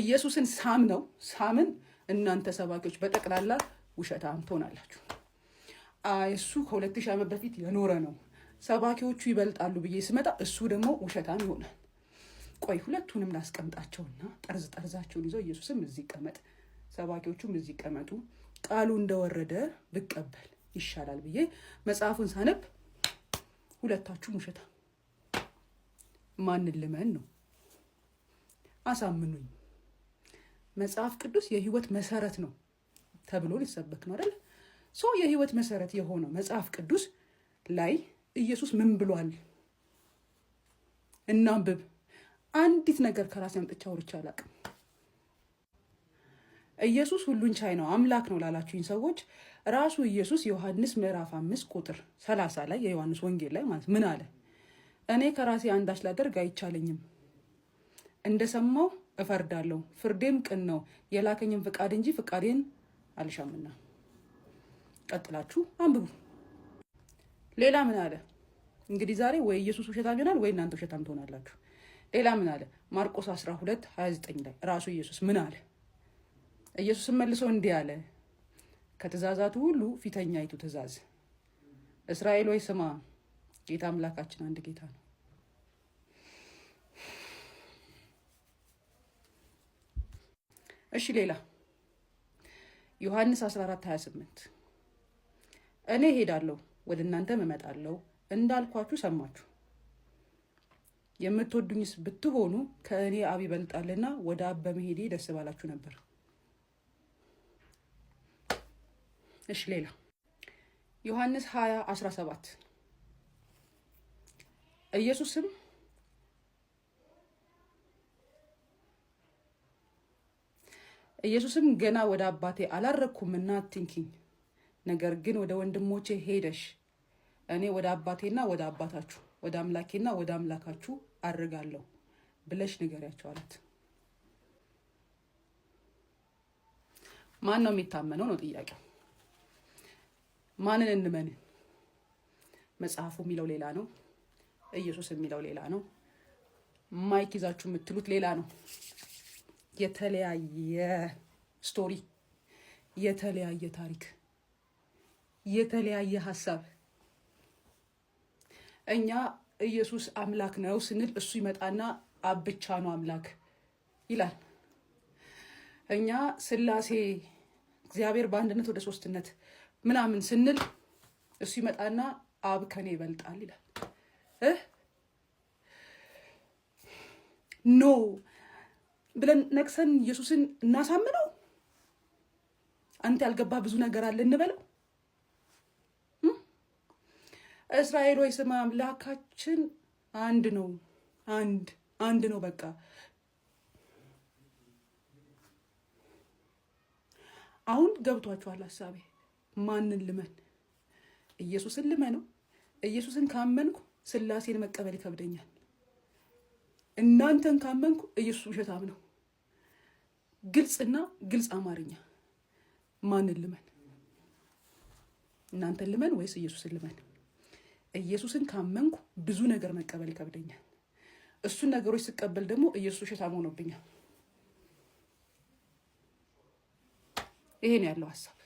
ኢየሱስን ሳም ነው ሳምን እናንተ ሰባኪዎች በጠቅላላ ውሸታም ትሆናላችሁ። እሱ ከሁለት ሺህ ዓመት በፊት የኖረ ነው። ሰባኪዎቹ ይበልጣሉ ብዬ ስመጣ እሱ ደግሞ ውሸታም ይሆናል። ቆይ ሁለቱንም ላስቀምጣቸውና ጠርዝ ጠርዛቸውን ይዘው ኢየሱስም እዚህ ይቀመጥ፣ ሰባኪዎቹም እዚህ ይቀመጡ፣ ቃሉ እንደወረደ ብቀበል ይሻላል ብዬ መጽሐፉን ሳነብ ሁለታችሁም ውሸታም ማንን ልመን ነው? አሳምኑኝ። መጽሐፍ ቅዱስ የህይወት መሰረት ነው ተብሎ ሊሰበክ ነው አይደል? ሰው የህይወት መሰረት የሆነው መጽሐፍ ቅዱስ ላይ ኢየሱስ ምን ብሏል? እናንብብ። አንዲት ነገር ከራሴ አምጥቼ አውርቼ አላውቅም። ኢየሱስ ሁሉን ቻይ ነው አምላክ ነው ላላችሁኝ ሰዎች ራሱ ኢየሱስ ዮሐንስ ምዕራፍ አምስት ቁጥር ሰላሳ ላይ የዮሐንስ ወንጌል ላይ ማለት ምን አለ? እኔ ከራሴ አንዳች ላደርግ አይቻለኝም እንደሰማው እፈርዳለሁ። ፍርዴም ቅን ነው፣ የላከኝም ፍቃድ እንጂ ፍቃዴን አልሻምና። ቀጥላችሁ አንብቡ። ሌላ ምን አለ? እንግዲህ ዛሬ ወይ ኢየሱስ ውሸታም ይሆናል ወይ እናንተ ውሸታም ትሆናላችሁ። ሌላ ምን አለ? ማርቆስ 12 29 ላይ ራሱ ኢየሱስ ምን አለ? ኢየሱስም መልሶ እንዲህ አለ፣ ከትእዛዛቱ ሁሉ ፊተኛይቱ ትእዛዝ እስራኤል ወይ ስማ፣ ጌታ አምላካችን አንድ ጌታ ነው። እሺ ሌላ ዮሐንስ 14 28 እኔ ሄዳለሁ ወደ እናንተም እመጣለሁ እንዳልኳችሁ ሰማችሁ። የምትወዱኝስ ብትሆኑ ከእኔ አብ ይበልጣልና ወደ አብ በመሄዴ ደስ ባላችሁ ነበር። እሺ ሌላ ዮሐንስ 20 17 ኢየሱስም ኢየሱስም ገና ወደ አባቴ አላረግኩምና አትንኪኝ፣ ነገር ግን ወደ ወንድሞቼ ሄደሽ እኔ ወደ አባቴና ወደ አባታችሁ ወደ አምላኬና ወደ አምላካችሁ አድርጋለሁ ብለሽ ንገሪያቸው አላት። ማን ነው የሚታመነው ነው ጥያቄው። ማንን እንመን? መጽሐፉ የሚለው ሌላ ነው፣ ኢየሱስ የሚለው ሌላ ነው፣ ማይክ ይዛችሁ የምትሉት ሌላ ነው። የተለያየ ስቶሪ፣ የተለያየ ታሪክ፣ የተለያየ ሀሳብ እኛ ኢየሱስ አምላክ ነው ስንል እሱ ይመጣና አብ ብቻ ነው አምላክ ይላል። እኛ ስላሴ እግዚአብሔር በአንድነት ወደ ሶስትነት ምናምን ስንል እሱ ይመጣና አብ ከኔ ይበልጣል ይላል። ኖ ብለን ነቅሰን ኢየሱስን እናሳምነው። አንተ ያልገባ ብዙ ነገር አለ እንበለው። እስራኤል ወይ ስማ፣ አምላካችን አንድ ነው፣ አንድ አንድ ነው። በቃ አሁን ገብቷችኋል ሀሳቤ። ማንን ልመን? ኢየሱስን ልመነው። ኢየሱስን ካመንኩ ስላሴን መቀበል ይከብደኛል። እናንተን ካመንኩ ኢየሱስ ውሸታም ነው። ግልጽና ግልጽ አማርኛ ማንን ልመን? እናንተን ልመን ወይስ ኢየሱስን ልመን? ኢየሱስን ካመንኩ ብዙ ነገር መቀበል ይከብደኛል። እሱን ነገሮች ስቀበል ደግሞ ኢየሱስ ውሸታም ሆኖብኛል። ይሄ ነው ያለው ሀሳብ።